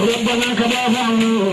ربنا كما ظنوا